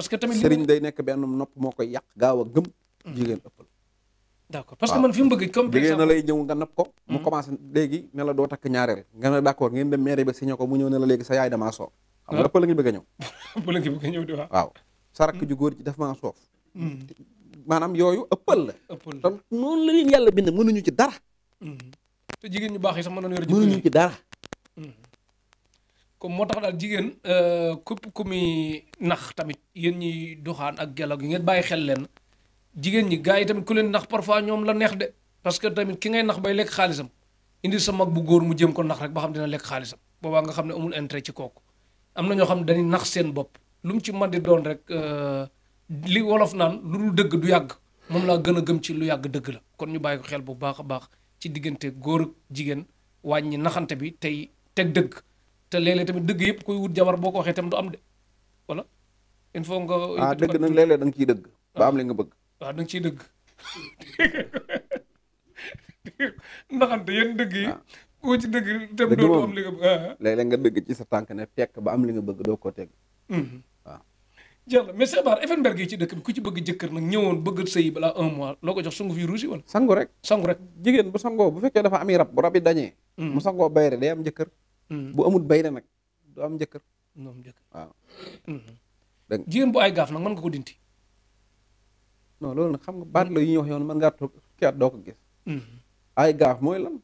parce que tamit sëriñ day nekk benn nopp moo koy yàq gaaw a gëm mm. jigéen ëppal d'accord parce que man fi mu bëgg comme jigéen na lay ñëw nga napp ko mu mm. commencé léegi ne la doo takk ñaareel nga ne d'accord ngeen dem mairie ba signé ko mu ñëw ne la sa yaay damaa soof xam nga ah. ëppal la ngi bëgg a ñëw waaw waaw sa rakk daf maa soof mm. maanaam yooyu ëppal la te la leen yàlla bind mënuñu ci dara te jigéen ñu baax yi sax mënuñu ci dara comme moo tax daal jigéen euh, képp ku muy nax tamit yéen ñi doxaan ak gelaw gi ngeen bàyyi xel leen jigéen ñi gars yi tamit ku leen nax parfois ñoom la neex de parce que tamit ki ngay nax bay lekk xaalisam indi sa mag bu góor mu jëm ko nax rek ba xam dina lekk xaalisam boobaa nga xam ne amul intérêt ci kooku am na ñoo xam ne dañuy nax seen bopp lu mu ci mën di doon rek euh, li wolof naan lu dul dëgg du yàgg moom laa gën a gëm ci lu yàgg dëgg la kon ñu bàyyi ko xel bu baax a baax ci diggante góor jigéen wàññi naxante bi tey teg dëgg te léeg-léeg tamit dëgg yëpp ko wut jabar boo ko waxee tam du am de wala il faut nga. ah dëgg nag léeg da nga ciy dëgg. Ah. ba am li nga bëgg. waaw ah, da nga ciy dëgg ndaxante yéen dëgg yi. Ah. koo ci dëgg tam am li nga nga dëgg ci sa tànk ne fekk ba am li nga bëgg doo ko teg. waaw. jàll mais Cheikh Bara yi ci dëkk bi ku ci bëgg jëkkër nag ñëwoon bëgg sëy balaa un mois loo ko jox sangu fi ruusi wala. sangu rek jigéen bu sangoo bu fekkee dafa ami rab bu rab yi dañee. Mm. mu sangoo bayre day am jëkkër Mm-hmm. amut bay bayre nag du am njëkkër. du am njëkkër waaw. Mm-hmm. jigéen bu ay gaaf nag mën nga ko dinti. non loolu nag xam nga baat la yu ñuy wax yoon mën ngaa toog kii doo ko mm-hmm. ay gaaf mooy lan.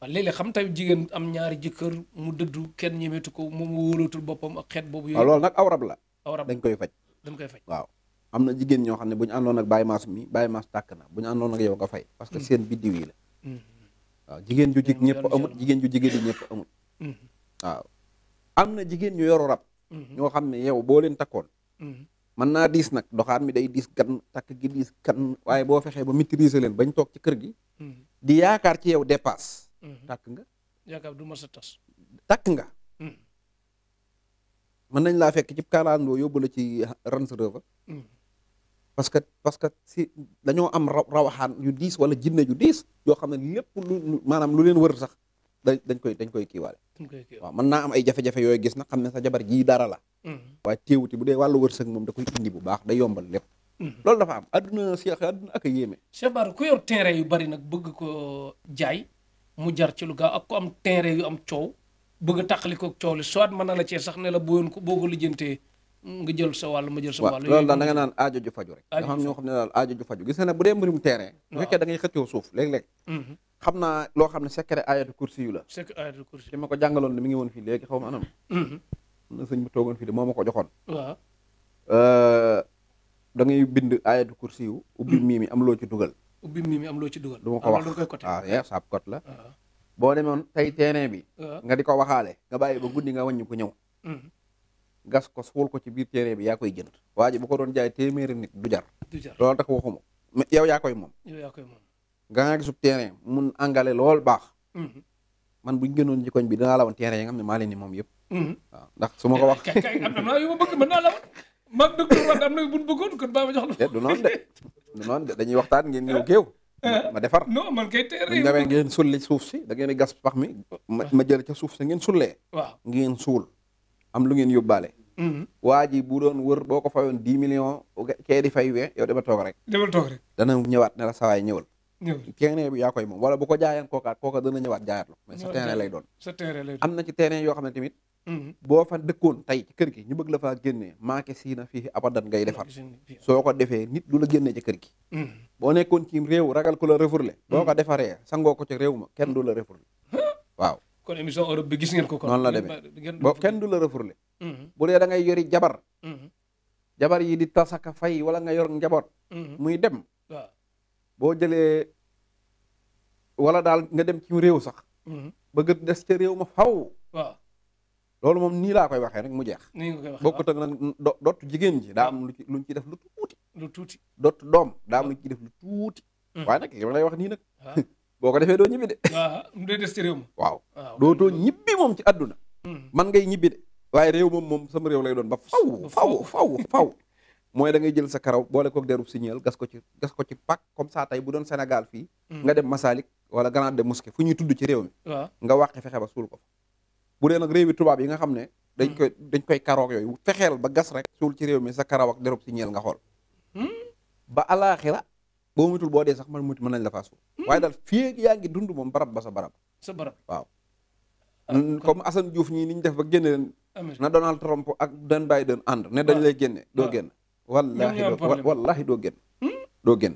waaw léeg-léeg xam tamit jigéen am ñaari jëkkër mu dëddu kenn ñemeetu ko moom wóolootul boppam ak xeet boobu. yooyu loolu aw rab la. awrab dañ koy faj. dañ koy faj waaw. am na jigéen ñoo xam ne bu ñu àndoon ak Baye Mass mi baay Mass tàkk na bu ñu àndoon nga fay. parce que seen biddiw yi la. jigéen ju jig ñëpp amut jigéen ju jigéen ñëpp amut. waaw am na jigéen ñu yoru rab mm-hmm. ñoo xam ne yow boo leen takkoon mm-hmm. mën naa diis nag doxaan mi day diis gan takk gi diis gan waaye boo fexee ba maîtriser leen bañ toog ci kër gi mm-hmm. di yaakaar ci yow dépasse takk nga yaakaar du ma sa tas takk nga mën nañ laa fekk ci kaalaandoo yóbbu la ci Range Rover parce que parce que si dañoo am raw rawaxaan yu diis wala jinne yu diis yoo xam ne lépp lu maanaam lu leen wër sax dañ koy dañ koy kiiwaale waaw mën naa am ay jafe-jafe yooyu gis na xam ne sa jabar ji dara la mm. waaye téewuti bu dee wàllu wërsëg moom da koy bu baax da yombal lépp mm. loolu dafa am aduna si ak a yéeme Cheikh Bara ku yor terrain yu bari nag bëgg ko jaay mu jar ci lu gaaw ak ku am terrain yu am coow bëgg a tàqali ko coow li soit mën na la cee sax ne la booyoon ko boo ko lijjantee nga jël sa wàll ma jël sa wàll loolu daal da nga naan aajo ju faju rek am ñoo xam ne daal aajo ju faju gis na bu dee mbirum terrain bu fekkee da ngay xëccoo suuf léeg-léeg mm-hmm. xam naa loo xam ne secret ayatu kursi yu la. secret ayatu ko jàngaloon ne mi ngi woon fii léegi xaw ma anam. Mhm. na sëñ bi de moo ma ko joxoon. waaw. Euh, da bind ayatu kursi yu. ubbi mhm. mi am loo ci dugal. ubbi mi am loo ci dugal. du ma ko wax ah oui saab kot la. Ah. boo demoon tey terrain bi. Ah. nga di ko waxaale. nga bàyyi ba guddi nga wàññi ko ñëw. Mhm. gas ko suul ko ci biir terrain bi yaa koy jënd. waa ko doon jaay téeméeri nit du jar. du moom. nga nga gisub terrain mun engrais lool baax mhm. man buñ gënoon ci koñ bi dinaa la woon terrain yi nga xam ne maa leen ni moom yëpp mhm. waaw ndax su ma ko wax am na yu ma bëgg mën naa la woon mag docteur Wade am na buñ bëggoon kon baa ma de dañuy waxtaan ngeen ñëw géew ma eh. defar non man kay terrain yi demee suuf si da ngeen gas pax mi ma jël ca suuf si ngeen sullee waaw ngeen suul am lu ngeen yóbbaale mhm. waa ji bu doon wër boo ko fayoon dix millions kee di fay wee yow dama toog rek dana ñëwaat ne la sawaay terrain bi yaa koy moom wala bu ko jaayeen kookaat kooka dana ñëwaat jaayaat la mais sa terrain lay doon sa yoo xam ne tamit mm-hmm. boo fa dëkkoon tey ci kër gi ñu la faa génnee maake sii na fii abadan defar soo ko defee nit du la génnee ci kër gi mm-hmm. boo nekkoon ci réew ragal ko la refourlé boo ko mm-hmm. defaree sangoo ci réew ma kenn du la refourlé waaw kon la demee boo kenn du la refourlé bu dee da ngay yori jabar jabar yi di tasaka fay wala nga yor njaboot muy dem boo jëlee wala daal nga dem cim réew sax. Mm-hmm. bëgg des ci réew ma faw waaw loolu moom nii laa koy waxee rek mu jeex. nii nga koy waxee dot jigéen ji daa am lu ci luñ ci def lu tuuti. lu tuuti dot doom daa am lu ci def lu tuuti. Mm-hmm. waaye nag yow lay wax nii nag. boo ko defee doo ñibbi de. waaw mu day réew ma. waaw dootoo ñibbi moom ci àdduna. Mm-hmm. man ngay ñibbi de. waaye réew moom moom sama réew lay doon ba faw faw faw faw mooy da ngay jël sa karaw boole kook derub signal gas ko ci gas ko ci pak comme ça bu doon Sénégal fii mm. nga dem Masalik wala Grande de Mosquée fu ñuy tudd ci réew mi nga wàqi fexe ba suul ko bu dee nag réewi tubaab yi nga xam ne dañ mm. koy dañ koy karoog yooyu fexeel ba gas rek suul ci réew mi sa karawak ak derub signal nga xool mm. ba alaaxira boo mutul boo dee sax man mutu mën nañ la faa suul waaye daal fii yaa ngi dund moom barab ba sa barab sa barab waaw ah, comme Assane Diouf ñii ni ñu def ba génne leen na Donald Trump ak Dan Biden ànd ne dañ lay génne doo génn wallahi doo gën hmm? doo gën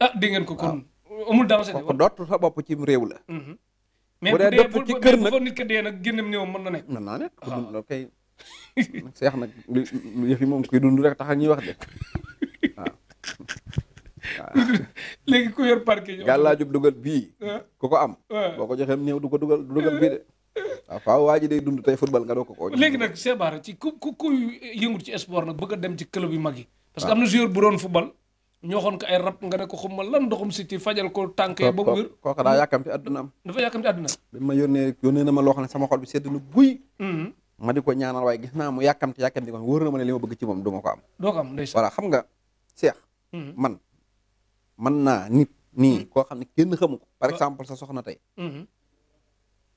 ah, di ngeen ko kon amul danger de kon dootul sa bopp ci réew la hmm. bu dee dëpp ci kër nag nit ko dee nag génnam ñëw na nekk mën naa nekk kay seex nag yëf yi moom kuy rek tax ñuy wax de waaw léegi ku yor parke gàllaajub dugal bii ah. ku ko am ah. boo ko joxee néew du ko dugal dugal bii de waaw ah, faaw waa ji day dund tey football nga doo ko ko léegi nag Cheikh Bara ci ku ku kuy yëngut ci sport nag bëgg dem ci club yu mag yi parce que am na joueur bu doon football ñoo xoon ko ay rab nga ne ko xumma lan ndoxum si ko tànk yi ba mu daa yàkkamti àdduna am dafa yàkkamti àdduna bi ma yónnee yónnee na ma loo xam ne sama xol bi sedd mm-hmm. ma di ko ñaanal waaye gis naa mu yàkkamti yàkkamti ko wóor ma ne li ma bëgg ci koo xam ne kenn xamu ko par exemple sa soxna tey mm-hmm.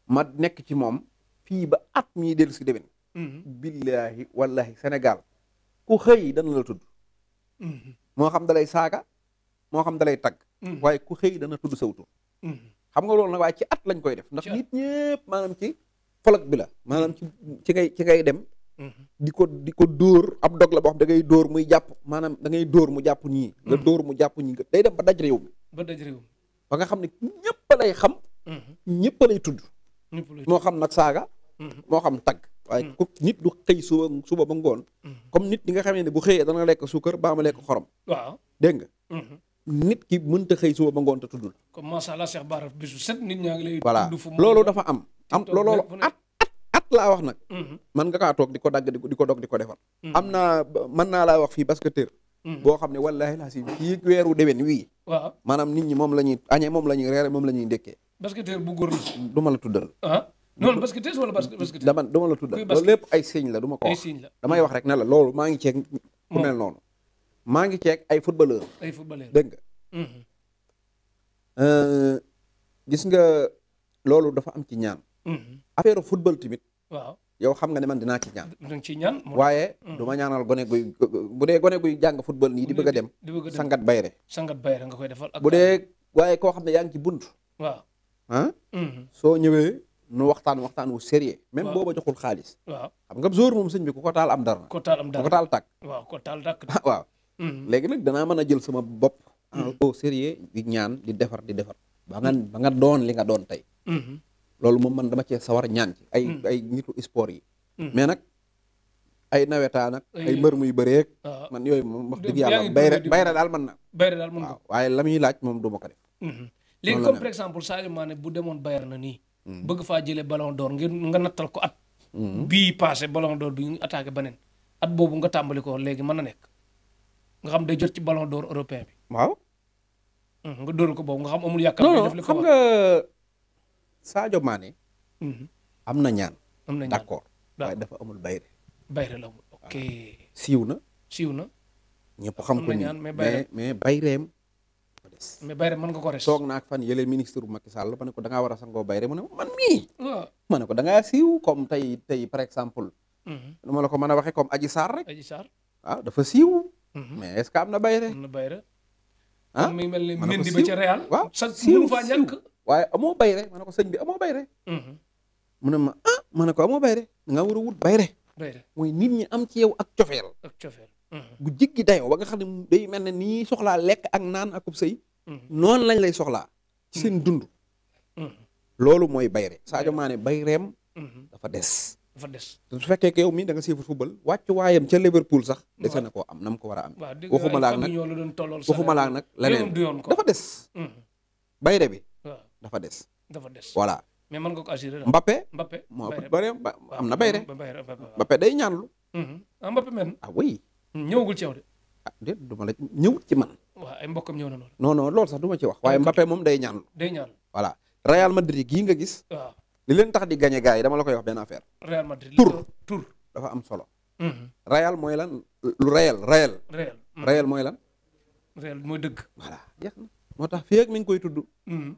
ma nekk ci moom fii ba at mii dellu si déwén. Mhm. billaahi wallahi Sénégal ku xëy dana la tudd. Mhm. moo xam dalay saaga moo xam dalay tagg. Mhm. waaye ku xëy dana tudd sawto xam nga loolu nag waaye ci at lañ koy def. ndax nit ñëpp maanaam ci folog bi la maanaam ci ci ngay ci ngay dem. di ko di ko dóor ab dog la boo xam da ngay dóor muy jàpp maanaam da ngay dóor mu jàpp ñii. nga dóor mu jàpp ñii day dem ba daj réew mi. ba daj réew mi ba nga xam ne ñëpp lay xam. ñëpp lay tudd. moo xam nag saaga. Mhm. moo xam tagg. waaye mhm. ku nit du xëy suba suba ba ngoon. Mhm. comme nit ñi nga xamee ne bu xëyee dana lekk suukar baa ma lekk xorom. waaw dégg nga. nit ki mënta xëy suba ba ngoon te tuddul. comme macha allah Cheikh nit ñaa ngi lay. voilà loolu dafa am. am loolu at at laa wax nag. man nga kaa toog di ko dagg di ko di ko dog di ko defar. am naa man naa laa wax fii basketteur. boo xam ne wallaahi laa si fii weeru déwén wii. waaw maanaam nit ñi moom la ñuy añee moom la ñuy reere moom la ñuy ndékkee. basketteur bu góor la. du ma la tuddal. ah non basketteuse wala basketteur. dama du ma la tuddal loolu lépp ay signe la du ma ko wax. damay wax rek ne la loolu maa ngi ceeg ku mel noonu. maa ngi ceeg ay footballeur. ay footballeur dégg nga. Mm-hmm. Euh, gis nga loolu dafa am ci ñaan. Mm-hmm. affaire football timit waaw yow xam nga ne man dinaa ci ñaan. dinañ ci ñaan waaye. Mm-hmm. du ma ñaanal gone guy bu dee gone guy jàng football nii di bëgg a dem. sangat bayre sangat bayre nga koy defal ak bu dee waaye koo xam ne yaa ngi ci bunt. ah. soo ñëwee nu waxtaan waxtaan wu sérieux même booba joxul xaalis. waaw xam nga jour moom sëñ bi ku ko taal am dara. ku ko taal am dara ku ko taal tàkk. waaw ku ko taal tàkk. waaw. Mhm. léegi nag danaa mën a jël sama bopp. Mhm. Ah, au ñaan di defar di defar. ba nga ba doon li nga doon tay loolu moom man dama cee sawar ñaan ci. ay ay nitu sport yi. mais nag ay nawetaan nag. ay mbër muy bëreek. man yooyu moom wax dëgg yàlla bayre bayre na. bayre daal mën na waaye la muy laaj moom du def. léegi comme par exemple Sadio Mané bu demoon Bayern na nii. bëgg faa jëlee ballon d'or ngir nga nattal ko at. Mhm. bii passé ballon d'or bi ñu attaqué beneen at boobu nga tàmbali ko léegi mën na nekk nga xam day jot ci ballon d'or européen bi. waaw. Mhm, nga door ko boobu nga xam amul yàkkaar. def li ko xam nga Sadio Mané. Mhm. am na ñaan. am na ñaan d'accord waaye dafa amul bayre. bayre la amul ok. siiw na. siiw na. ñëpp xam ko nii mais mais bayreem. mais bayre mën nga ko res toog naag fan yële ministre bu a Sall ma ko da ngaa war a sangoo bayre mu a man mii ma ko danga ngaa siiw comme tey tey par exemple mm-hmm. nu ma la ko mën a waxee comme Adji Sarr rek Adji Sarr waaw ah, dafa siiw mm-hmm. mais es ce que am na bayre am na bayre ah mi mel ni Mendy ba ca Real waaw sa siiw faa ñàkk waaye amoo bayre ma ne ko sëñ bi amoo bayre mm-hmm. mu ne ma ah, ma ne ko amoo bayre da ngaa war wut bayre mooy nit ñi am ci yow ak cofeel ak cofeel bu jiggi dayoo ba nga xam ne day mel ni nii soxlaa lekk ak naan akub sëy Mm-hmm. noon lañ lay soxlaa ci seen dund mm-hmm. loolu mooy bayre mm-hmm. Sadio Mané bayreem dafa des dafa des su fekkee que yow mii da nga siifut bal wàcc waayam ca Liverpool sax dese na koo am na ko war a am waxuma laak nag waxuma laak nag leneen dafa des bayre bi dafa des dafa des voilà mais mën nga ko assurer Mbappé Mbappé moo bëri am na bayre Mbappé day ñaanlu a ah, Mbappé men ah oui ñëwagul ci yow de ah déet du ma ci man ay mbokkam ñëw na lool. non non loolu sax duma ma ci wax. waaye ah, Mbappé moom day ñaan. day ñaan voilà Real Madrid gii nga gis. waaw ah. li leen tax di gagné gars yi dama la koy wax benn affaire. Real Madrid tur tur dafa am solo. Mhm. Real mooy lan lu Real Real. Real mhm. mooy lan. mooy dëgg. moo tax fii ak koy tudd. Mhm.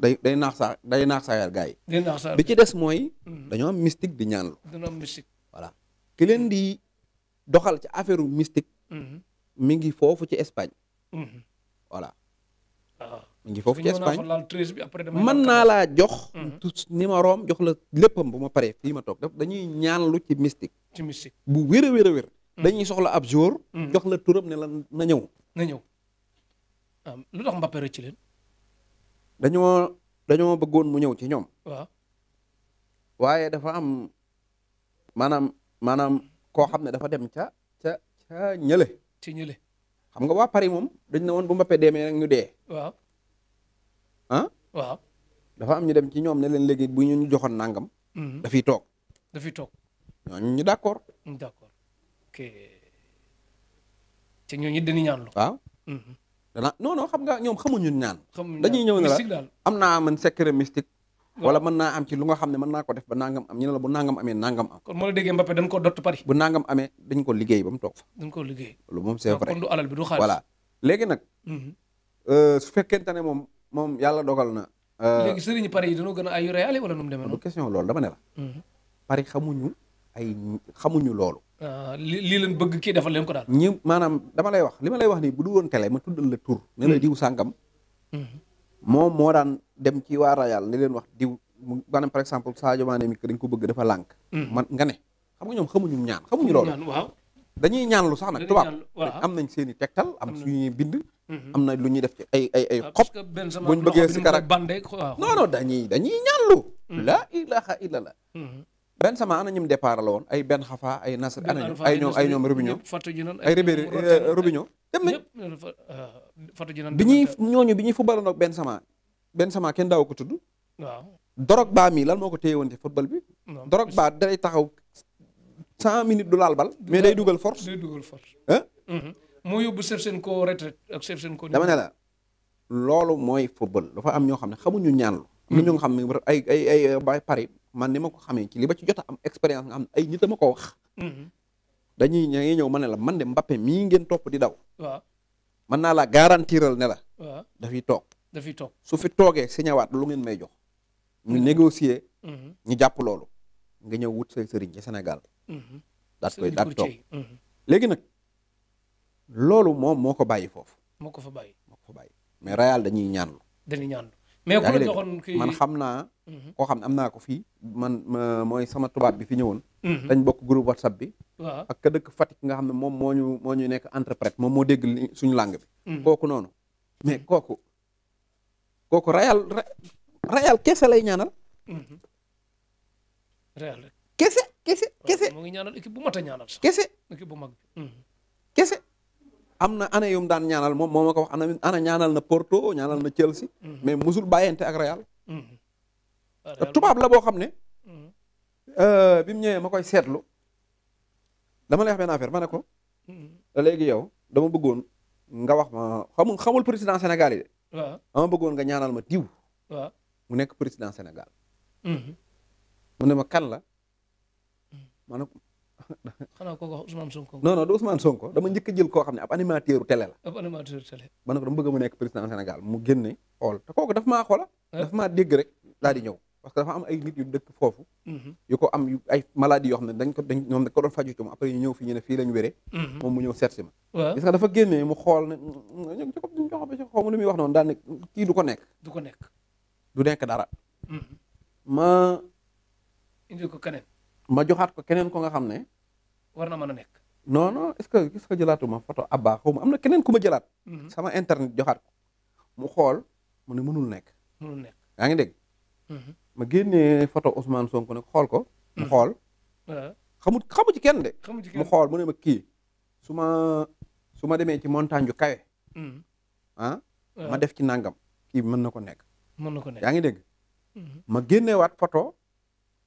day day naax saa day naax saayal gars yi. day naax bi ci des mooy. dañoo am di ñaan lu. dañoo voilà ki leen di doxal ci affaire mystique. mi ngi foofu ci Espagne. Mhm. voilà. Ah. mu ngi foofu ci Espagne man naa laa jox. Mhm. tous numéroom jox la léppam bu ma paree fii ma toog dañuy ñaan lu ci mystique. ci mystique bu wér a wér a wér. Mhm. dañuy soxla ab jour. jox la turam ne la na ñëw. na ñëw lu tax Mbappé rëcc leen. dañoo dañoo bëggoon mu ñëw ci ñoom. waaw waaye dafa am maanaam maanaam koo xam ne dafa dem ca ca ñële. ci ñële. xam nga waa Paris moom dañ ne woon bu Mbappé demee rek ñu dee. waaw. ah. waaw. am ñu dem ci ñoom ne leen léegi bu ñu ñu joxoon nangam. Mhm. dafiy toog. dafiy toog. ñooñu ñu d' accord. d' accord ok. te ñooñu dañuy ñaan lu. waaw. Mhm. dana non xam nga ñoom ñu ñaan. xamuñu ñaan dañuy ñëw ne la am naa man secret mystique. wala man naa am ci lu nga xam ne man naa ko def ba nangam am ñu ne la bu nangam amee nangam am. ko dott Paris. bu nangam amee dañ ko liggéey ba mu toog fa. dañ ko moom c'est vrai kon du nag. Mhm. Euh, su fekkente moom moom yàlla dogal na. Euh, léegi sëriñu Paris yi dañoo gën a ay Real wala nu mu demee noonu. question loolu dama ne la. Mhm. Ah, li lii leen bëgg kii defal leen ko daal. ñi maanaam lay wax li ma lay wax nii bu du woon télé ma tuddal la tur. ne la mhm. diw sàngam. moom moo daan dem ci waa Royal ni leen wax diw maanaam par exemple Sadio Mané mi dañ ko bëgg dafa lànk mm. man nga ne xam nga ñoom xamuñu ñaan xamuñu loolu waaw dañuy ñaan lu sax nag tubaab am nañ seen i tegtal am suñuy bind mm-hmm. am na lu ñuy def ci ay ay ay ah, xob buñ bëggee si karak non non dañuy dañuy ñaan lu mm-hmm. laa ilaha illa la mm-hmm. benn sama ana ñim départ la woon ay benn xafa ay nasr ana ay ñoom ay ñoom Robinho ay Ribéry Robinho euh, dem nañ euh, bi ñuy ñooñu bi ñuy footballandoog benn sama benn sama kenn daaw ko tudd. waaw dorog baa mi lan moo ko téye woon ci football bi. dorog baa day taxaw cent minutes du laal bal. mais day dugal force day mhm. moo yóbbu Shevchenko retraite ak Shevchenko. dama ne la loolu mooy football dafa am ñoo xam ne xamuñu ñaan ñaanlu. Mhm. am ñoo xam ne ay ay ay man ni ma ko xamee ci li ba ci jot a am expérience nga xam ne ay nit a ma ko wax. Mhm. dañuy ña ngi ñëw ma ne la man de mbappe mii ngeen topp di daw. waaw mën naa la garantiral ne la. waaw dafiy toog. dafiy toog su fi toogee si ñëwaat lu ngeen may jox. ñu mm-hmm. négocier. Mm-hmm. ñu jàpp loolu. nga ñëw wut say sëriñ ci Sénégal. Mm-hmm. daat koy daat toog léegi nag loolu moom moo ko bàyyi foofu. moo ko fa bàyyi moo ko fa bàyyi mais Real dañuy ñaanlu. dañuy ñaanlu mais ku la man xam naa. ko xam ne am naa ko fii man mooy sama tubaab bi fi ñëwoon. dañ bokk groupe WhatsApp bi. waaw ak ka dëkk Fatick nga xam ne moom moo ñu moo ñu nekk interprète moom moo dégg suñ langue bi. kooku noonu mais kooku. kooku rayal rayal kese lay ñaanal. Mhm. rayal rek. kese kese kese. mu ngi ñaanal équipe bu mat a kese équipe bu mag bi. Mhm. kese am na ana yum daan ñaanal moom moom ma ko wax ana ana ñaanal na Porto ñaanal na Chelsea. Mhm. mais musul bàyyante ak Real. tubaab la boo xam ne. Euh, bi mu ñëwee ma koy seetlu dama lay wax benn affaire ma ne ko. léegi yow dama buggoon nga wax ma xamul xamul président Sénégal waaw ama bëggoon nga ñaanal ma diw. waaw mu nekk président senegal mhm. mu ne ma kan la. Mhm. ma ne ko. xanaa kooku Ousmane Sonko. non non du Ousmane Sonko dama njëkk a jël koo xam ne ab animateur télé la. ab ne dama bëgg mu nekk président senegal mu génne xool te kooku daf maa xoola. daf maa dégg rek laa di ñëw. parce que dafa am ay nit yu dëkk foofu mhm. yu ko am yu ay maladie yoo xam ne dañ ko dañ ñoom dañ ko doon faju ci moom après ñu ñëw fi ne fii lañ wéree mhm. moom mu ñëw seet si ma dafa génnee mu xool ne ñu kii du ko nekk du ko nekk du nekk dara mhm. ma ko keneen ma joxaat ko keneen ko nga xam ne war na mën a nekk non no est-ce que est-ce que jëlaatuma photo xaw ma am na keneen ku ma jëlaat sama internet joxaat mu xool mu ne mënul nekk mënul nekk yaa ngi dégg ma génnee photo Ousmane Sonko nag xool ko. mu hmm. xool. xamut xamu ci kenn de. mu xool mu ne ma kii su ma su ma demee ci montagne ju kawe. Hmm. ah ma def ci nangam kii mën na ko nekk. mën na ko nekk yaa ngi dégg. Hmm. ma génneewaat photo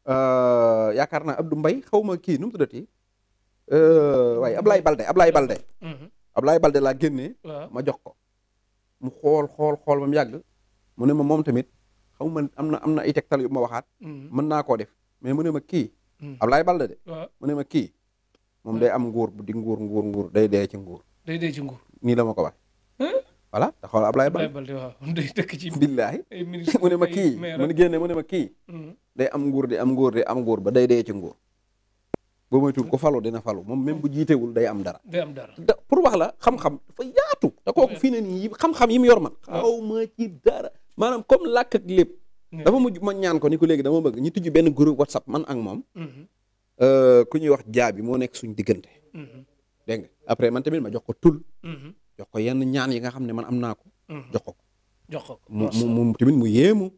euh, yaakaar naa Abdou mbay xaw ma kii nu mu tuddati euh, waaye Ablaye Balde Ablaye Balde. Ablaye Balde laa génne ma jox ko mu xool xool xool ba mu yàgg mu ne ma moom tamit. xaw ma am na am na ay tegtal yu ma waxaat. Mm-hmm. mën naa koo def mais mu ne ma kii. Mm-hmm. Ablaye Balla de. mu ne ma kii moom day am nguur di nguur nguur nguur day dee ci nguur. day dee ci nii la ma ko wax. voilà te xool Ablaye Balla waaw day dëkk ci. billaahi mu ne ma kii mu ma kii. day am nguur di am nguur de am nguur ba day dee ci nguur. boo moytuwul ko falu dina falu moom même bu jiitewul day am dara. day am wax la xam-xam dafa yaatu. te kooku fii ne nii xam-xam yi mu yor man. xaw ma ci dara. maanaam comme làkk ak lépp. dafa mujj ma ñaan ko ni ko léegi dama bëgg ñu tijji benn groupe whatsapp man ak moom. Mhm. Euh, ku ñuy wax jaabi moo nekk suñu diggante. Mhm. dégg nga après man tamit ma jox ko tul. Mhm. jox ko yenn ñaan yi nga xam ne man am naa ko. jox ko jox ko mu mu tamit mu yéemu.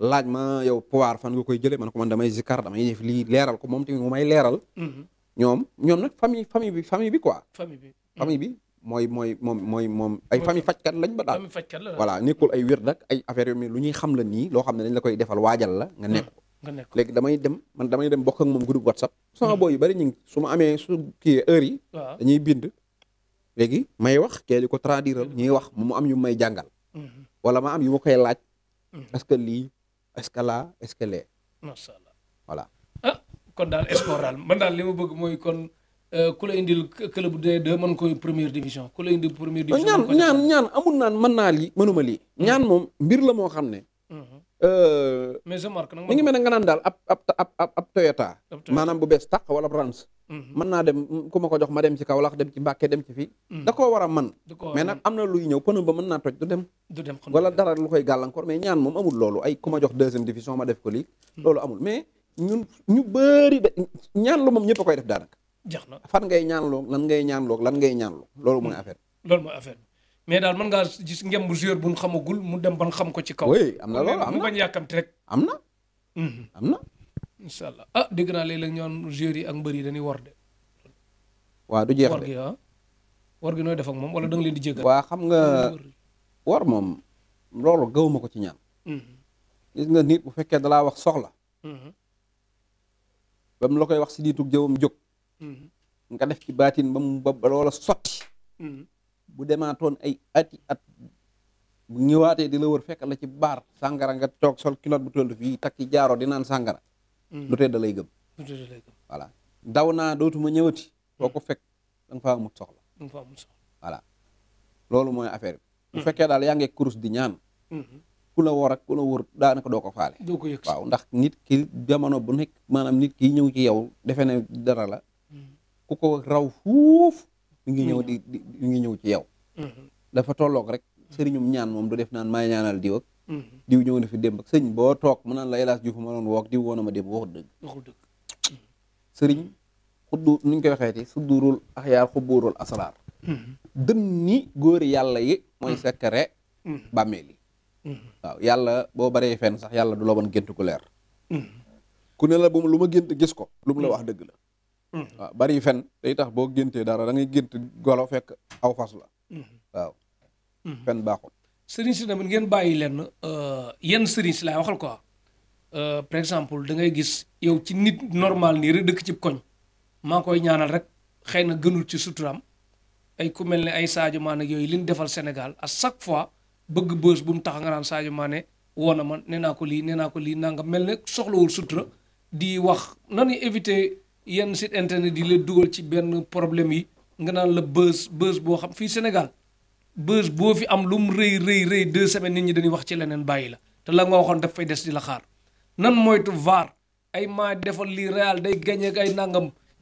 laaj ma yow pouvoir fan nga koy jëlee man ko man damay zikar damay def lii leeral ko moom tamit mu may leeral. ñoom ñoom nag famille famille bi famille bi quoi. famille bi mooy mooy moom mooy moom ay famille fajkat lañ ba daal voilà nekkul ay wér nag ay affaire yoo lu ñuy xam la nii loo xam ne dañ la koy defal waajal la nga nekk mm, ko léegi damay dem man damay moom groupe whatsapp sama mm. booy bari ñu ngi su ma amee su kii heure yi dañuy bind léegi may wax kee di ko traduire ñuy wax mu am yu may jàngal mm-hmm. wala ma am yu koy laaj mm-hmm. est-ce que lii ah kon daal sport daal man daal li ma bëgg mooy kon Euh, ku la indil club de deux mën koy première division ku la indil première division. ñaan ñaan ñaan amul naan man naa lii manuma lii. Hmm. ñaan moom mbir la moo xam ne. Hmm. Euh, mais je marque nag mi ngi mel ne nga naan daal ab ab ab ab Toyota. maanaam bu bees tàq wala Range. Hmm. mën naa dem ku ma ko jox ma dem ci Kaolack dem ci Mbàkke dem ci fii. da koo war a mën. mais nag am na luy ñëw pneu ba mën naa toj du dem. du dem wala dara lu koy gàllankoor mais ñaan moom amul loolu ay ku ma jox deuxième division ma def ko lii. loolu amul mais ñun ñu bëri de ñaan lu moom ñëpp koy def daanaka jeex na fan ngay ñaanloo lan ngay ñaanloo lan ngay ñaanloo hmm. loolu mooy affaire loolu mooy affaire mais daal mën ngaa gis ngem bu joueur bu ñu xamagul mu dem ban xam ko ci kaw. oui am na loolu am na mu rek. am na. Hmm. am na. incha ah dégg naa léeg-léeg ñoom yi ak yi dañuy war de. waaw du jeex de ah. def moom wala da leen di jéggal. waa xam nga war moom loolu gawuma ko ci ñaan. Hmm. gis nga nit bu fekkee dalaa wax soxla. ba mu la koy wax si diitug jëwam jóg. Mm-hmm. nga def ci baatin ba mu ba loola sotti mm-hmm. bu demaatoon ay ati at bu ñëwaatee dina la wër la ci baar sàngara nga toog sol kilote bu tollu fii takki jaaro di naan sàngara mm-hmm. lu tee da lay gëm voilà daw naa dootuma ñëwati boo ko fekk da nga fa amut soxla voilà loolu mooy affaire bi bu fekkee daal yaa ngi kurus di ñaan ku la wor ak ku la wër daanaka doo ko faale waaw ndax nit ki jamono bu nekk maanaam nit ki ñëw ci yow defe ne dara la ku ko raw fuuf mi ngi ñëw di mi ngi ñëw ci yow mm-hmm. dafa tolloog rek sëriñum ñaan moom du def naan maay ñaanal diw mm-hmm. diw ñëw na fi démb ak sëñ boo toog mu naan la hélas Diouf ma doon woog diw woon na ma démb dëgg mm-hmm. sëriñ xuddu nuñ koy waxeeti sudduurul axyaar xubuurul asraar dën ni góor yàlla yi mooy secret bàmmeel yi waaw yàlla boo baree fenn sax yàlla du la woon gént gu leer ku ne la bu lu ma gént gis ko lu la wax dëgg la waaw bari fen day tax boo géntee dara da ngay gént golo fekk aw fas la mm-hmm. waaw mm-hmm. fen baaxul sëriñ si tamit ngeen bàyyi leen euh, yenn sëriñ si laay waxal quoi euh, par exemple da ngay gis yow ci nit normal nii rek dëkk cib koñ maa koy ñaanal rek xëy na gënul ci suturaam ay ku mel ne ay Sadio Mané ak yooyu li defal Sénégal à chaque fois bëgg bës bu mu tax nga naan Sadio Mané woo na ma nee naa ko lii nee naa ko lii nanga mel ne soxlawul sutura di wax nanu éviter yenn site internet yi la dugal ci benn problème yi nga naan la bës bës boo xam fii Sénégal bës boo fi am lu mu rëy rëy rëy deux semaines nit ñi dañuy wax ci leneen bàyyi la te la nga waxoon daf fay des di la xaar nan moytu vaar ay maa defal lii Real day gagné ak ay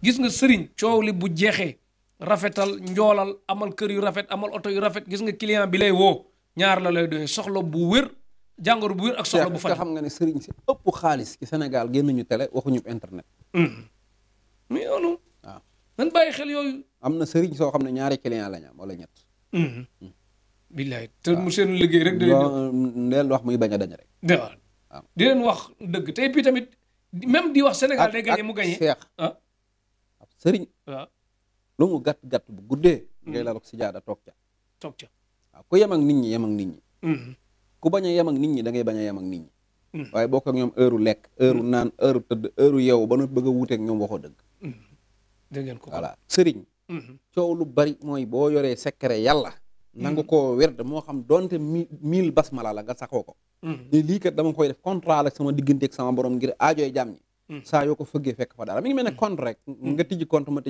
gis nga sëriñ coow li bu jeexee rafetal njoolal amal kër yu rafet amal oto yu rafet gis nga client bi lay woo ñaar la lay doyee soxla bu wér jàngoro bu wér ak soxla bu faj xam ne sëriñ si ëpp xaalis ci Sénégal génna ñu télé waxuñu internet mm-hmm. mu yoonu waaw ah. nan bàyyi xel yooyu am na sëriñ soo xam ne ñaare client la ñu am wala ñett mhm. hmm. billaay te mu seen liggéey rek da leen mm, wax muy bañ a dañ rek ah. di leen wax dëgg te puis tamit même di wax Sénégal day gagné mu gagné seex ah. sëriñ waaw lu mu bu guddee hmm. ngay la rok si jaada toog ca toog ca waaw ku yem ak nit ñi yem ak nit ñi hmm. ku a yem ak nit ñi da ngay bañ yem ak nit Mm. waaye bokk ak ñoom heure lekk heure mm. naan heure tëdd heure yeewu ba nu bëgg a wuuteeg waxoo dëgg. Mm. dégg sëriñ. Mm-hmm. coow lu bari mooy boo yoree secret yàlla. Mm-hmm. nangu koo werd moo xam donte mi mille basmala la nga saxoo ko. Mm-hmm. ni lii kat dama koy def contrat la sama digganteeg sama borom ngir aajooy jàmm ñi. saa yoo ko fëggee fekk fa dara mi ngi mel ne nga tijji compte ma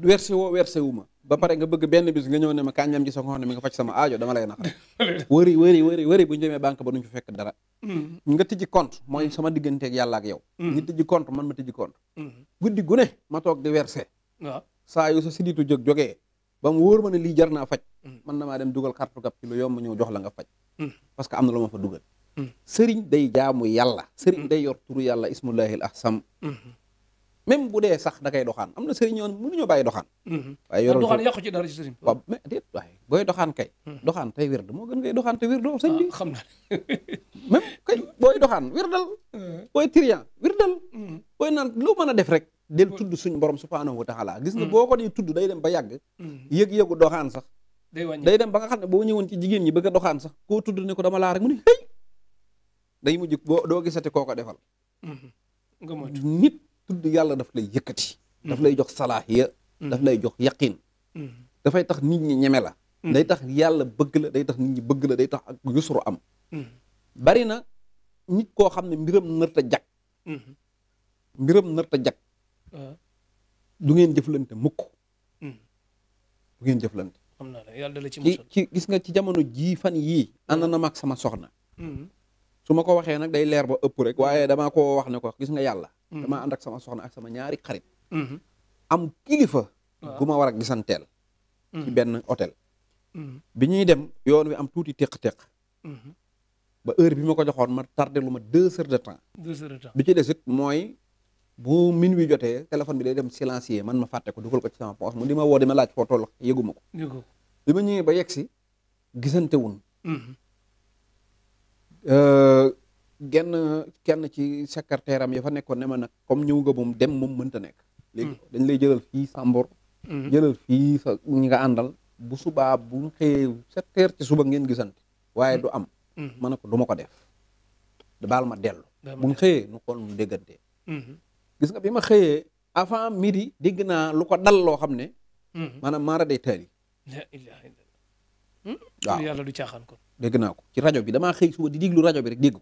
werse woo werse wu ma ba pare nga bëgg benn bis nga ñëw ne ma kàññam ci sa ngox ne mi nga faj sama aajo dama lay nax rek wëri wëri wëri bu ñu demee banque ba duñ fekk dara mm. nga tijji compte mooy sama digganteeg yàlla ak yow ñu mm. tijji compte man ma tijji compte mm. guddi gu ne ma toog di werse waaw saa yu sa siditu jóg jógee ba mu wóor ma ne lii jar naa faj man na maa dem dugal xartu gab ci lu yomb ñëw jox la nga faj parce que am na lu ma fa dugal sëriñ day jaamu yalla sëriñ day yor turu yàlla ismullahil ahsam mm-hmm. même bu dee sax da koy doxaan am na sëriñ ñoon mënuñoo bàyyi doxaan mhm. waaye yorul doxaan yàqu ci dara ci sëriñ waaw mais déet waaye booy doxaan kay mhm. doxaan tey wér moo gën ngay doxaan te wér doo sëñ bi ah, xam na même kay booy doxaan wér dal mhm. booy tiriyan wér dal booy naan loo mën a def rek del tudd suñu borom subhaanahu wa taala gis nga boo ko dee tudd day dem ba yàgg yëg-yëgu doxaan sax day dem ba nga xam ne boo ñëwoon ci jigéen ñi ba a doxaan sax ko tudd ne ko dama laa rek mu ne hey day mujj boo doo gisati koo ko defal tudd yàlla daf lay yëkkati. daf mm-hmm. lay jox salaahiya. daf lay mm-hmm. jox yaqin. Mm-hmm. dafay tax nit ñi ñeme la. day tax yàlla bëgg la day tax nit ñi bëgg la day tax ak yusru am. bari na nit koo xam ne mbiram nër ta jag. mbiram nër jag. Uh-huh. du ngeen jëflante mukk. du ngeen jëflante. xam naa la gis nga ci jamono jii fan yii ànd na maag sama soxna. su ma ko waxee nag day leer ba ëpp rek waaye damaa ko wax ne ko gis nga yàlla. Mm-hmm. damaa ànd ak sama soxna ak sama ñaari xarit mm-hmm. am kilifa gu ma war ak gisanteel ci mm-hmm. benn hôtel bi ñuy dem yoon wi am tuuti teq-teq ba heure bi ma ko joxoon ma tardé lu ma deux heures de temps deux bi ci des it mooy bu min wi jotee téléphone bi day dem silencier man ma fàtte ko dugal ko ci sama poche mu di ma woo ma laaj foo toll yëguma ko bi ma ñëwee ba yegg si gisante wun euh, genn kenn ci secrétaire am ya fa nekkoon ne ma nag comme ñëw nga moom dem moom mënta nekk léegi hmm. dañ lay jëlal fii sa mbor hmm. jëlal fii sa ñi nga àndal bu subaa bu xëyee sept ci suba ngeen gisant waaye hmm. du am ma ne ko duma ko def baal ma dellu bu mu xëyee nu xool nu déggante gis nga bi ma xëyee avant midi dégg naa lu ko dal loo xam ne maanaam maara day taali waaw yàlla du caaxaan ko dégg naa ko ci rajo bi dama xëy suba di diglu rajo bi rek dégg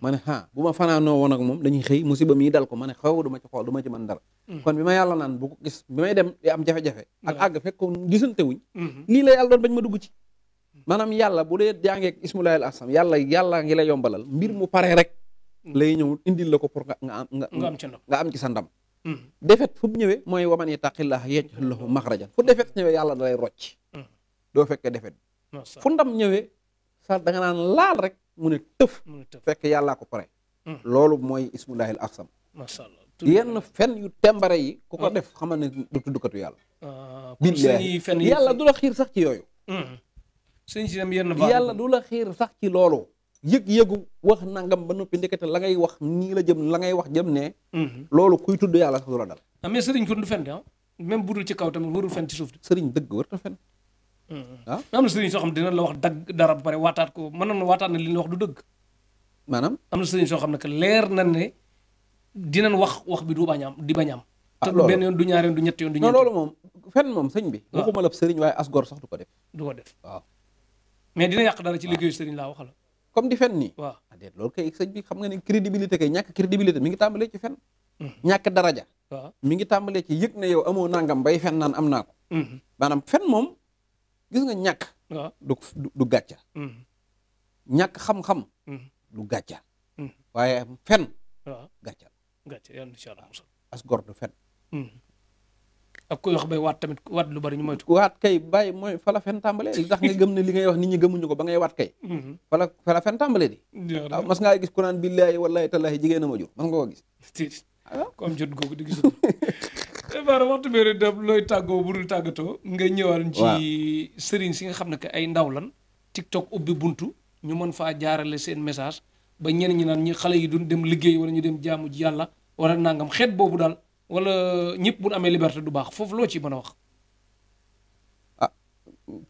ma ne ah bu ma fanaanoo woon ak moom dañuy xëy musiba mii dal ko ma ne xaw ci xool dara mm. kon bi ma yàlla naan bu ko gis bi may dem di am jafe-jafe ak mm-hmm. àgg fekk mm-hmm. la yàlla doon bañ ma dugg ci maanaam yàlla dee jàngee ismulaayil asam yàlla yàlla la yombalal mbir mu pare rek mm-hmm. lay ñëw indil la ko pour nga am nga am ci sa ndam defet fu mu ñëwee mooy waman yattaqillah yaj'al lahu makhrajan fu defet ñëwee yàlla da lay rocc doo fekkee defet fu ndam ñëwee sa da nga naan laal rek mu ne tëf. fekk yàllaa ko pare. Hmm. loolu mooy ismullahil axsam. macha allah yenn fen yu tembare yi. ku ko hmm. def xamal ne du tuddukatu yàlla. Ah, billaahi yàlla du xiir sax ci yooyu. sëñ si dem yenn baax yàlla du la xiir sax ci loolu. yëg-yëgu wax nangam ba noppi ndekete la ngay wax nii la jëm la ngay wax jëm ne. Hmm. loolu kuy tudd yàlla sax du la dal. ah mais sëriñ kon du fen de ah. même budul ci kaw tamit warul fen ci suuf de. sëriñ dëgg warta fen. ah am na soo xam dina la wax dagg dara ba pare waataat ko mënoon na waataat na li ñu wax du dëgg. maanaam am na sëriñ soo xam ne que na ne wax wax bi du bañ am di bañ am. Ah, te benn yoon du ñaar yoon du ñett yoon du ñeent. non loolu moom fenn moom sëñ bi. waaw ah. waxuma la sëriñ waaye as gor sax du ko def. du ko def waaw. mais dina yàq dara ci liggéeyu sëriñ laa waxal. comme di fen ni waaw ah, loolu kay sëñ bi xam nga ne crédibilité kay ñàkk crédibilité mi ngi tàmbalee ci fen. Hmm. ñàkk daraja. mi ngi tàmbalee ci yëg ne yow amoo nangam bay fen naan am naa ko. Hmm. maanaam fen moom gis nga ñàkk. du du gàcca. Mm. ñàkk xam-xam. Mm. du gàcca. Mm. waaye fen. waaw gàcca gàcca yàlla incha allah as gor du fen. ak koy wax bay waat tamit waat lu bari ñu moytu. waat kay bay mooy fa la fen tàmbalee gëm ne li ngay wax nit ñi gëmuñu ko ba ngay waat kay. Mm-hmm. fa la fa la fen tàmbalee di. waaw mas ngaa gis ku naan billaahi wallaahi tallaahi jigéen a ma jur mas nga ko gis. comme ah, jot googu di gisul. Bara waxtu bi dem looy tàggoo bu dul tàggatoo. nga ñëwal ci sëriñ si nga xam ne que ay ndaw lan. TikTok ubbi buntu ñu mën faa jaarale seen message ba ñenn ñi naan ñi xale yi duñ dem liggéey wala ñu dem jaamu ji yàlla wala nangam xeet boobu daal wala ñëpp bu amee liberté du baax foofu loo ci mën a wax. ah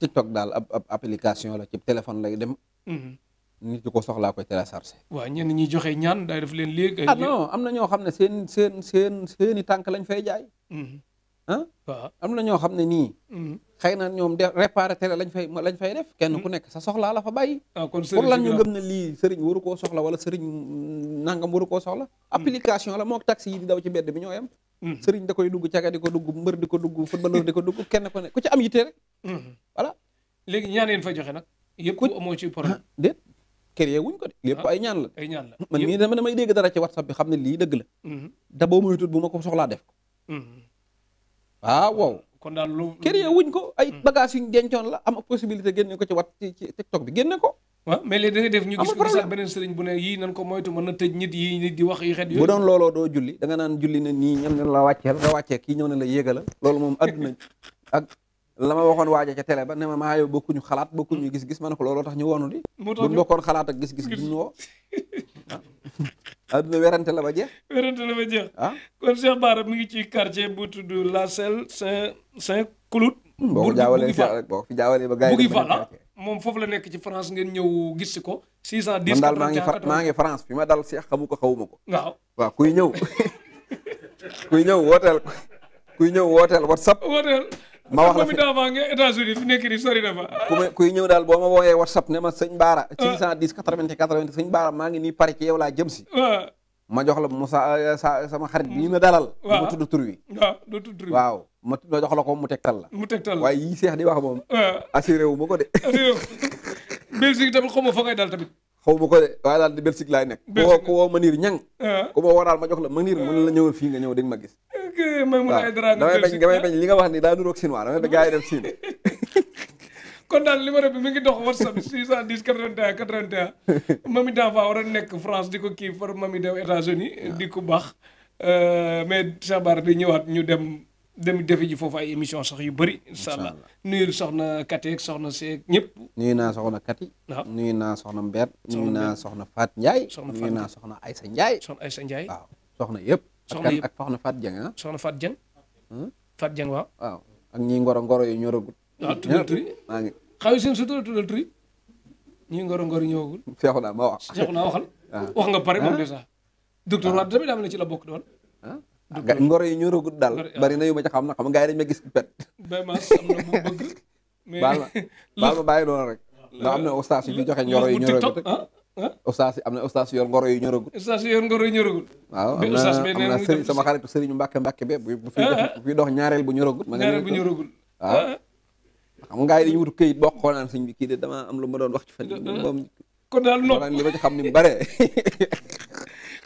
TikTok daal ab ab application la ci téléphone lay dem. Mhm. nit ko soxlaa koy téléchargé. waaw ñenn ñi joxe ñaan day def leen léegi. ah non am na ñoo xam ne seen seen seen seeni tànk lañ fay jaay. ah am na ñoo xam ne nii mm-hmm. xay na ñoom de réparé télé lañ fay lañ fay def kenn ku mm-hmm. nekk sa soxlaa la fa bàyyi ah, pour lan ñu gëm ne lii sëriñ waru koo soxla wala sëriñ nangam waru koo soxla application la mook taxi yi di daw ci mbedd bi ñoo yem sëriñ da koy dugg caga di ko dugg mbër di ko dugg footballeur di ko dugg kenn ko ne ku ci am yitte rek voilà léegi ñaan yéen fa joxe nag yëpp amoo ci problème ah, déet créé wuñ ko de ah, ay ñaan la ay ñaan la man mii dama damay dégg dara ci whatsapp bi xam ne lii dëgg la da boo moytut bu ma ko soxlaa def ko waaw ah, wow. kon daal lu créé wuñ ko ay hmm. bagages yuñ la am possibilité génne ko ci wat ci ci TikTok bi génne ko. waaw mais léegi def ñu gis ko sax beneen sëriñ bu ne yii nan ko moytu mën na tëj nit yi nit di wax yi xet yooyu bu doon looloo doo julli danga naan julli ne nii ñam ne la wàcceel nga wàccee kii ñëw na la yéegal loolu moom àdduna ak la ma waxoon waaja ca télé ba ne ma maa yow bokkuñu xalaat bokkuñu hmm. gis-gis ma ne ko looloo tax ñu woonu di buñ bokkoon xalaat ak gis-gis duñu woo adduna ah. la ba jeex werante la ba jeex ah kon Cheikh ci quartier bu La Selle Saint Saint Cloud hmm, boo ko boo fi jaawalee ba gars yi ah. moom foofu la nekk ci France ngeen ñëw gis si ko 610 man daal maa ngi maa ngi France fi ma dal Cheikh xamu ko xawuma ko waaw waaw kuy ñëw kuy ñëw wooteel kuy ñëw wooteel WhatsApp ma wax la fi d'avant ku ma kuy ñëw daal boo ma woowee WhatsApp ne ma sëñ Baara. 610 90 90 sëñ Baara maa ngi nii pare ci yow laa jëm si. Ah. ma jox la Moussa euh, sa sama xarit bi na dalal. Ah. waaw ma tudd tur wi. Ah, waaw doo tudd ma jox la ko mu tegtal la. mu tegtal la waaye yii seex di wax moom. assuré wu ma ko de. assuré tamit xaw ma fa ngay dal tamit. xaw ma ko de waaye daal di Belgique laay nekk. ku woo ku woo Manir ñang ah. ma woo ma jox la Manir mën la ñëwal fii nga ñëw di nga damay ah. bañ li nga wax ni daa nuroog chinois damay bañ gars yi dem kon daal numéro bi mi ngi dox WhatsApp 610 81 81 Mamy Danfa war a nekk France di ko kii far Mamy dem États-Unis di ko baax euh, mais xabaar bi ñëwaat ñu dem. dem defe foofu ay émission sox yu bëri. incha allah nuyu soxna Kati ak soxna Seeg ñëpp. nuyu naa soxna Kati. waaw nuyu naa soxna Mber. nuyu naa soxna Fat Ndiaye. soxna Fat nuyu naa soxna Aysa Ndiaye. soxna Aysa Ndiaye waaw soxna yëpp. soxna yëpp ak soxna na Dieng ah. soxna Fat Dieng. Hmm? Fat Dieng waaw. waaw ak ñi ngoro ngoro yu ñoragul. waaw hmm? tuddal turi maa ngi. xaw seen su tuddal turi ñi ngoro ngoro ñëwagul. seexu naa ma wax seexu naa waxal. wax nga pare moom ah? tamit daa mel ci la bokk doon. ngoro yi ñoragul daal ah. bari na yu ma ci na xam nga dañ ma gis pet Baye Mass am na bu bëgg baal ma baal ma rek ah. ndax am na ustaas yu joxe ngoro yi ñoragut ah, ustaas yi am na ustaas ngoro yu ñoragut ustaas yor ngoro yu am na am na sëriñ sama xaritu sëriñu Mbàkke Mbàkke be bu fi dox bu fi ñaareel bu ñoragut ma nga bu ñoragut waaw xam nga yi dañu wut këyit boo xoonaan bi kii de dama am lu ma doon wax fan xam ni mu bare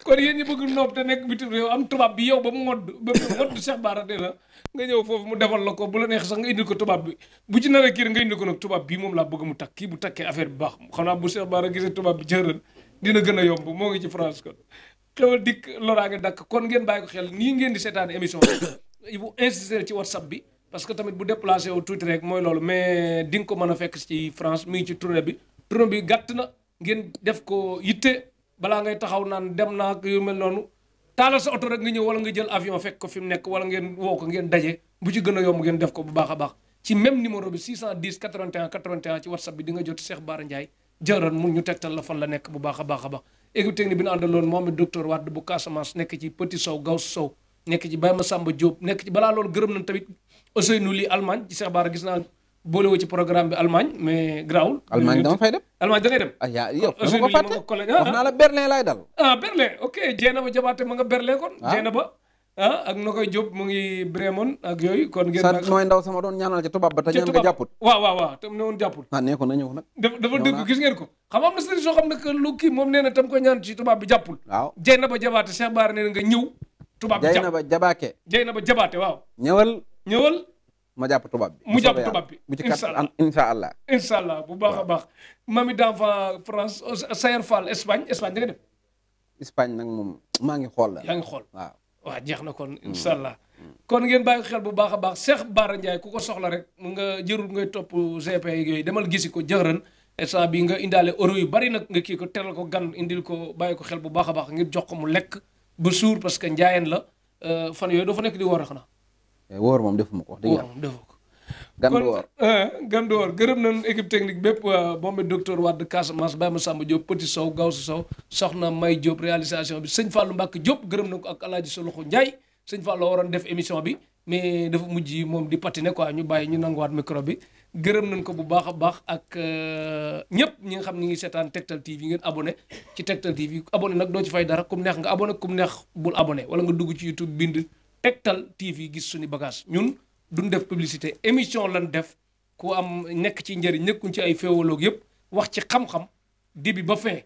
kon yéen ñi bëgg noob te nekk bitim réew tubaab bi yow ba mu ngodd ba mu ngodd Cheikh Bara de la nga ñëw foofu mu defal la ko bu la neex sax nga indil ko tubaab bi bu ci nar a kii nga ko nag tubaab bii moom laa bëgg mu takk kii bu takkee affaire bi baax xam naa bu Cheikh Bara gisee tubaab bi jërën dina gën a yomb moo ngi ci France kon a dikk loraange dakk kon ngeen bàyyi ko xel nii ngeen di seetaan émission bi bu insister ci whatsapp bi parce que tamit bu déplacé wu tuuti rek mooy loolu mais di nga ko mën a fekk ci ngi ci tournée bi tournée bi gàtt na ngeen def ko yitte balaa ngay taxaw naan dem naa yu mel noonu taalal sa oto rek nga ñëw wala nga jël avion fekk ko fi mu nekk wala ngeen woo ko ngeen daje bu ci gën a yomb ngeen def ko bu baax a baax ci même numéro bi 610 81 81 ci whatsapp bi di nga jot Cheikh Bara Ndiaye mu ñu tegtal la fan la nekk bu baax baax a baax équipe technique bi ñu moom it docteur Wade bu Casamance nekk ci Petit Sow Gauss Sow nekk ci Baye Massamba Diop nekk ci balaa loolu gërëm nañ tamit Ousseynou Ly Allemagne ci Cheikh Bara gis naa boolewoo ci programme bi Allemagne mais grawul Allemagne dama fay dem. Allemagne da ngay dem. ah yaa ah, ah, naa la ah. Berlin laay dal. ah Berlin ok jéena ba jabaate ma nga Berlin kon. waaw jéena ak na koy Diop mu ngi Bremen ak yooyu. kon ngeen nag mooy ndaw sama doon ñaanal ca tubaab ba te ñaan nga jàpput. waaw waaw waaw te ne woon jàpput. ah nee na ñëw nag. dafa ko. xam am na sëriñ soo xam moom nee na tam ko ñaan ci tubaab bi jàppul. waaw jeyna ba jabaate Cheikh Baar nee nga ñëw. tubaab bi jàpp jeyna ba jabaake. jeyna ba jabaate waaw. ñëwal ñëwal. ma jàpp tubaab bi. mu jàpp tubaab bi bu ci kat incha allah. incha allah bu baax a baax. mami d'enfant France Sayer Fall Espagne Espagne da nga dem. Espagne nag moom maa ngi xool la. yaa ngi xool waaw. waaw jeex na kon mm. incha allah. Mm. kon ngeen bàyyi xel bu baax a baax Cheikh Bara Ndiaye ku ko soxla rek mu nga jërul ngay topp GP yooyu demal gisi ko jërën instant bi nga indaale euro yu bari nag kii ko teral ko gan indil ko bàyyi ko xel bu baax a baax ngi jox ko mu lekk bu suur parce que njaayeen la euh, fan yooyu doo fa nekk di war a xanaa Eh, woor moom defu defuma ko wax dëgg yàlla defu ko gandu woor eh, gandu woor gërëm nañu équipe technique bépp moom it docteur Wade Casamance Baye Massamba Diop Petit Sow Gawsu Sow soxna May Diop réalisation bi sëñ Fallou mbàkk Diop gërëm na ko ak alaaji Soloxo Ndiaye sëñ Fallou waroon def émission bi mais dafa mujj moom di patiner quoi ñu bàyyi ñu nanguwaat micro bi gërëm nañ ko bu baax a baax ak eh, ñëpp ñi nga xam ni ngi seetaan Tektal TV ngeen abonné ci Tektal TV abonné nag doo ci fay dara kum nga abonné kum neex bul abonné wala nga ci YouTube bind Tektal TV gis suñu bagage ñun duñ def publicité émission lan def ku am nekk ci njëriñ nekkuñ ci ay féewaloog yëpp wax ci xam-xam dibi ba fee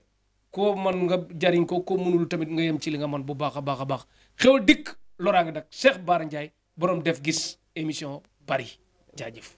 ko mën nga jariñ ko ko mënul tamit nga yem ci li nga mën bu baax a baax a baax xew dikk loraa nga dak Cheikh baar Ndiaye boroom def gis émission bari jaajëf